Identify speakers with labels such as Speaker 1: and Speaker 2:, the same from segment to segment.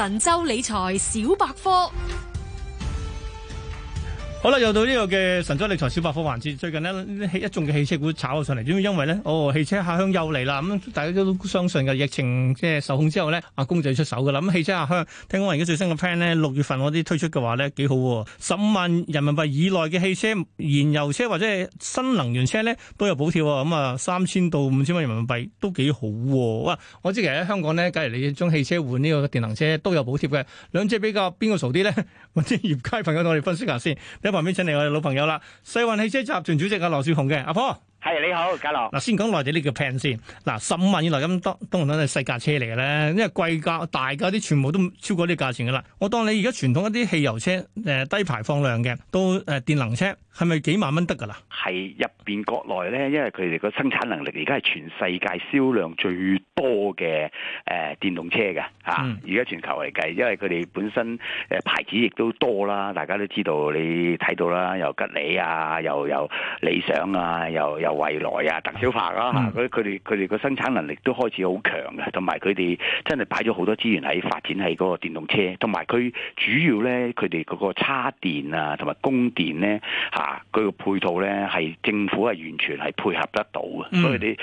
Speaker 1: 神州理財小百科。
Speaker 2: 好啦，又到呢個嘅神州理財小百科環節。最近呢，一眾嘅汽車股炒咗上嚟，主要因為呢，哦，汽車下鄉又嚟啦。咁大家都相信嘅，疫情即係受控之後呢，阿公仔出手噶啦。咁、嗯、汽車下鄉，聽講而家最新嘅 plan 呢，六月份我啲推出嘅話呢，幾好、哦。十萬人民幣以內嘅汽車、燃油車或者係新能源車呢，都有補貼、哦。咁、嗯、啊，三千到五千蚊人民幣都幾好、哦。哇！我知其實喺香港呢，假如你將汽車換呢個電能車都有補貼嘅。兩者比較，邊個傻啲呢？或 者業界朋友同我哋分析下先。旁邊請嚟我哋老朋友啦，世運汽車集團主席啊，羅少雄嘅阿婆。係你好，嘉樂。嗱， 先講內地呢個 plan 先。嗱、啊，十五萬以內咁，當當然都係細架車嚟嘅咧。因為貴價大價啲，全部都超過呢個價錢噶啦。我當你而家傳統一啲汽油車誒、呃，低排放量嘅，都誒、呃、電能車，係咪幾萬蚊得噶啦？
Speaker 1: 係入邊國內咧，因為佢哋個生產能力而家係全世界銷量最多嘅誒、呃、電動車嘅吓。而、啊、家全球嚟計，因為佢哋本身誒牌子亦都多啦。大家都知道，你睇到啦，又吉利啊，又有理想啊，又又。有有有有有有有有未來啊，鄧小平啦，佢佢哋佢哋個生產能力都開始好強嘅，同埋佢哋真係擺咗好多資源喺發展喺嗰個電動車，同埋佢主要咧，佢哋嗰個叉電啊，同埋供電咧，吓佢個配套咧，係政府係完全係配合得到嘅，嗯、所以你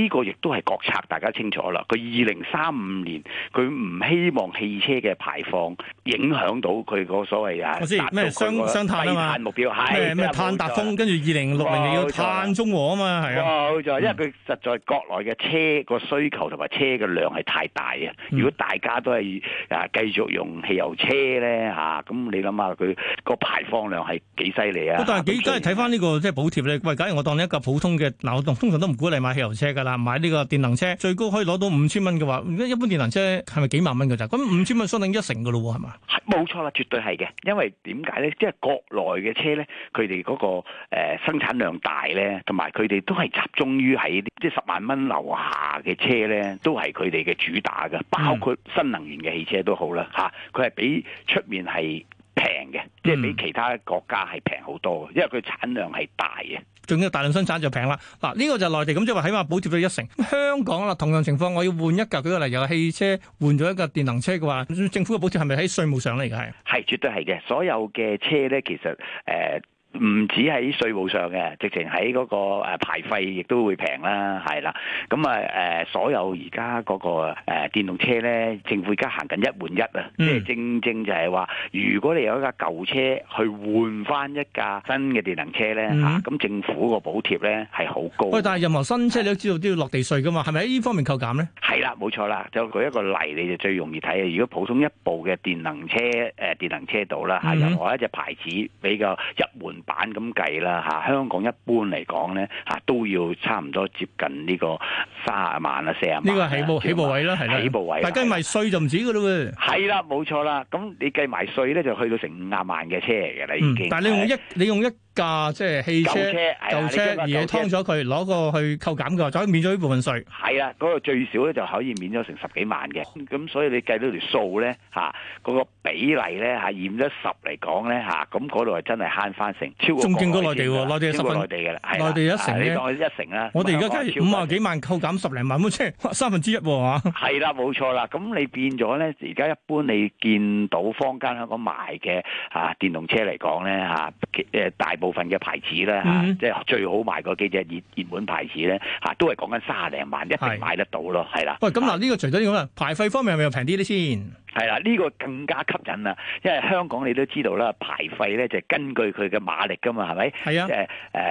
Speaker 1: 誒呢個亦都係國策，大家清楚啦。佢二零三五年，佢唔希望汽車嘅排放。影響到佢個所謂嘅咩雙雙碳啊嘛，目標，咩碳達峰。跟
Speaker 2: 住二零六零年要碳中和啊嘛，係啊，冇錯，因為佢
Speaker 1: 實在國內嘅車個需求同埋車嘅量係太大啊！如果大家都係啊繼續用汽油車咧嚇，咁你諗下佢個排放量係幾犀利啊！但係
Speaker 2: 幾真係睇翻呢個即係補貼咧？喂，假如我當你一個普通嘅，嗱，我通常都唔鼓勵你買汽油車㗎啦，買呢個電能車，最高可以攞到五千蚊嘅話，一般電能車係咪幾萬蚊㗎咋？咁五千蚊相等一成㗎咯喎，係嘛？
Speaker 1: 係冇錯啦，絕對係嘅，因為點解咧？即係國內嘅車咧，佢哋嗰個誒、呃、生產量大咧，同埋佢哋都係集中於喺啲即係十萬蚊樓下嘅車咧，都係佢哋嘅主打㗎，包括新能源嘅汽車都好啦吓，佢、啊、係比出面係平嘅，即係比其他國家係平好多，因為佢產量係大嘅。
Speaker 2: 仲要大量生產就平啦，嗱呢、呢個就係內地，咁即係話，就是、起碼補貼到一成。香港啦，同樣情況，我要換一架舉個例，由汽車換咗一架電能車嘅話，政府嘅補貼係咪喺稅務上咧？而家係
Speaker 1: 係絕對係嘅，所有嘅車咧，其實誒。呃唔止喺稅務上嘅，直情喺嗰個誒牌費亦都會平啦，係啦。咁啊誒，所有而家嗰個誒電動車咧，政府而家行緊一換一啊，即係、嗯、正正就係話，如果你有一架舊車去換翻一架新嘅電能車咧嚇，咁、嗯啊、政府個補貼咧係好高。喂，
Speaker 2: 但係任何新車你都知道都要落地稅噶嘛，係咪喺呢方面扣減咧？
Speaker 1: 係啦，冇錯啦，就舉一個例你就最容易睇。如果普通一部嘅電能車誒、呃、電能車度啦嚇，任、啊、何一隻牌子比較入門。版咁計啦嚇，香港一般嚟講咧嚇都要差唔多接近呢個卅萬啦，四啊萬。呢個
Speaker 2: 起步起步位啦，起步位。步位的但係計埋稅就唔止噶咯喎。
Speaker 1: 係啦的，冇錯啦。咁的你計埋稅咧，就去到成五啊萬嘅車嘅。啦、嗯、已經。但係
Speaker 2: 你用一，的你用一。架即係汽車、舊車，舊車的而係劏咗佢攞個去扣減嘅，就可以免咗呢部分稅。
Speaker 1: 係啊，嗰、嗰個最少咧就可以免咗成十幾萬嘅。咁所以你計到條數咧嚇，嗰、啊嗰個比例咧係驗咗十嚟講咧嚇，咁嗰度係真係慳翻成超過。仲勁過內地喎，內地十分，內地嘅啦，內地一成、啊、你當一成啦。我哋而家假如五啊
Speaker 2: 幾萬扣減十零萬部車，三分之一喎、啊、嚇。係 啦，冇錯
Speaker 1: 啦。咁你變咗咧，而家一般你見到坊間香港賣嘅嚇電動車嚟講咧嚇，誒、啊、大。部分嘅牌子啦嚇，即係、mm hmm. 啊、最好買個幾隻熱熱門牌子咧嚇、啊，都係講緊卅零萬一定買得到咯，係啦是。的
Speaker 2: 喂，咁嗱呢個除咗咁啊，牌費方面係咪又平啲咧先？係啦，呢、啊呢個更加吸引啦，
Speaker 1: 因為香港你都知道啦，牌費咧就係、根據佢嘅馬力噶嘛，係咪？係啊。即係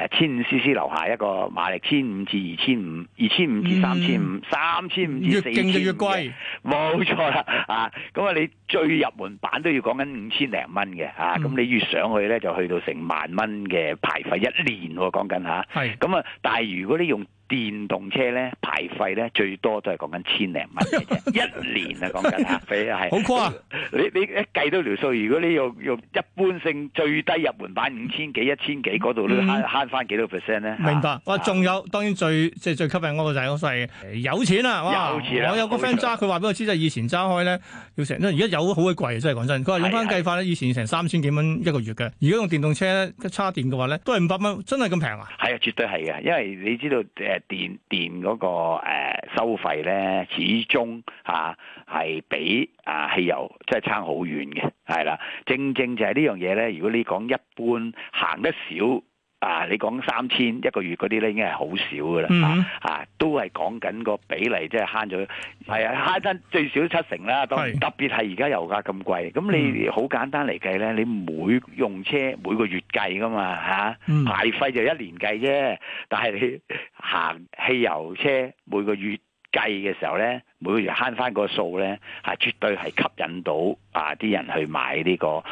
Speaker 1: 誒千五 CC 留下一個馬力，千五至二千五，二千五至三千五，嗯、三千五至四千嘅。冇錯啦，啊，咁啊你最入門版都要講緊五千零蚊嘅，啊，咁、嗯、你越上去咧就去到成萬蚊嘅牌費一年喎，講緊吓。咁啊，說說啊係但係如果你用電動車咧牌費咧最多都係講緊千零蚊嘅一年啊講緊啊，係好誇！你你一計到條數，如果你用用一般性最低入門版五千幾一千幾嗰度咧，慳慳翻幾多 percent 咧？明白，哇！仲
Speaker 2: 有當然最即係最吸引我嘅就係有錢啊！哇！我有個 friend 揸，佢話俾我知，就係以前揸開咧要成，而家油好鬼貴，真係講真。佢話用翻計法咧，以前成三千幾蚊一個月嘅，如果用電動車叉電嘅話咧，都係五百蚊，真係咁平啊！
Speaker 1: 係啊，絕對係嘅，因為你知道電電嗰、那個誒、呃、收費咧，始終吓、啊、係比啊汽油即係差好遠嘅，係啦。正正就係呢樣嘢咧，如果你講一般行得少。啊！你講三千一個月嗰啲咧，已經係好少嘅啦，啊，啊都係講緊個比例，即係慳咗，係啊慳真最少七成啦，當然特別係而家油價咁貴，咁你好簡單嚟計咧，你每用車每個月計㗎嘛嚇、啊，牌費就一年計啫，但係你行汽油車每個月。計嘅時候咧，每個月慳翻個數咧，係絕對係吸引到啊啲人去買呢個誒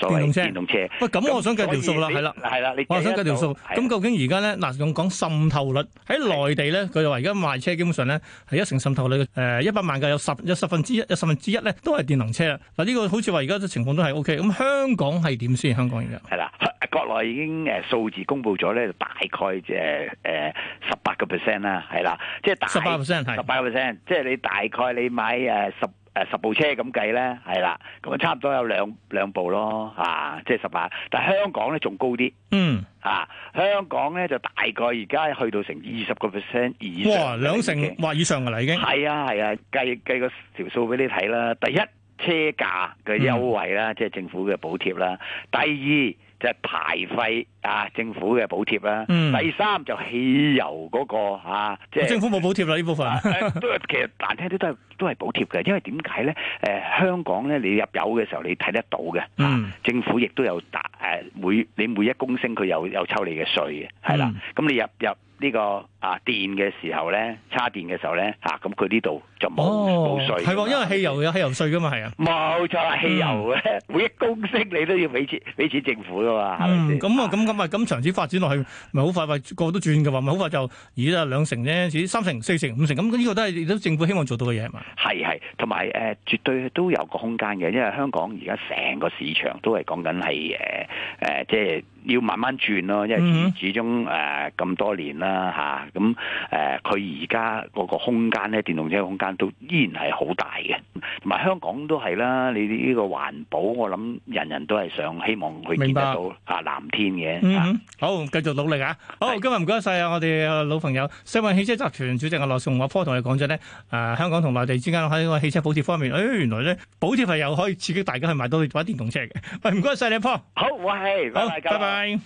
Speaker 1: 所謂電動車。咁我想計條數啦，係啦，係啦你，我想計條數。咁究
Speaker 2: 竟而家咧嗱，用講滲透率喺內地咧，佢就話而家賣車基本上咧係一成滲透率，誒一百萬架有十有十分之一，有十分之一咧都係電動車啊。嗱、這、呢個好似話而家嘅情況都係 OK。咁香港係點先？香港而家
Speaker 1: 係啦，國內已經誒數字公布咗咧，大概即係誒十八個 percent 啦，係啦，即係十八個 percent，十八個 percent，即係你大概你買誒十誒十部車咁計咧，係啦，咁啊差唔多有兩兩部咯，啊，即係十八，但係香港咧仲高啲，嗯，啊，香港咧就大概而家去到成二十個 percent 以
Speaker 2: 上，兩成或以上噶啦已經，係啊係啊，
Speaker 1: 計計、啊啊、個條數俾你睇啦，第一。車價嘅優惠啦，即係政府嘅補貼啦。第二就係牌費啊，政府嘅補貼啦。第三就汽油嗰個即係政府冇補貼
Speaker 2: 啦呢部分。都
Speaker 1: 其實難聽啲都係都係補貼嘅，因為點解咧？誒，香港咧你入油嘅時候你睇得到嘅，啊，政府亦都有打誒每你每一公升佢有有抽你嘅稅嘅，係啦。咁 你入入呢個。啊，電嘅時候咧，叉電嘅時候咧，吓咁佢呢度就
Speaker 2: 冇冇稅，係喎，因為汽油有汽油稅噶嘛，係啊，冇錯啊，汽油咧每一公升你都要俾錢俾錢政府噶嘛，係咪先？咁啊，咁咁啊，咁長此發展落去，咪好快，咪個個都轉噶嘛，咪好快就咦啦兩成咧，似三成、四成、五成，咁呢個都係亦都政府希望做到嘅嘢啊嘛，係係，
Speaker 1: 同埋誒絕對都有個空間嘅，因為香港而家成個市場都係講緊係誒誒，即係要慢慢轉咯，因為始終誒咁多年啦吓。咁誒，佢而家嗰個空間咧，電動車嘅空間都依然係好大嘅，同埋香港都係啦。你呢個環保，我諗人人都係想希
Speaker 2: 望佢見得到啊藍天嘅、啊嗯。好，繼續努力啊！好，今日唔該晒啊，我哋老朋友，世運是汽車集團主席阿、啊、羅生，我科同你講咗咧，誒、呃，香港同內地之間喺個汽車補貼方面，誒、哎，原來咧補貼係又可以刺激大家去買到啲電動車嘅。唔該晒你科，
Speaker 1: 好，我係，好，拜拜。